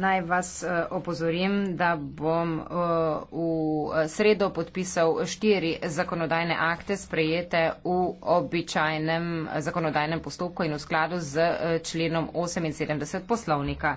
Naj vas eh, opozorim, da bom eh, v eh, sredo podpisal štiri zakonodajne akte, sprejete v običajnem zakonodajnem postopku in v skladu z členom 78 poslovnika.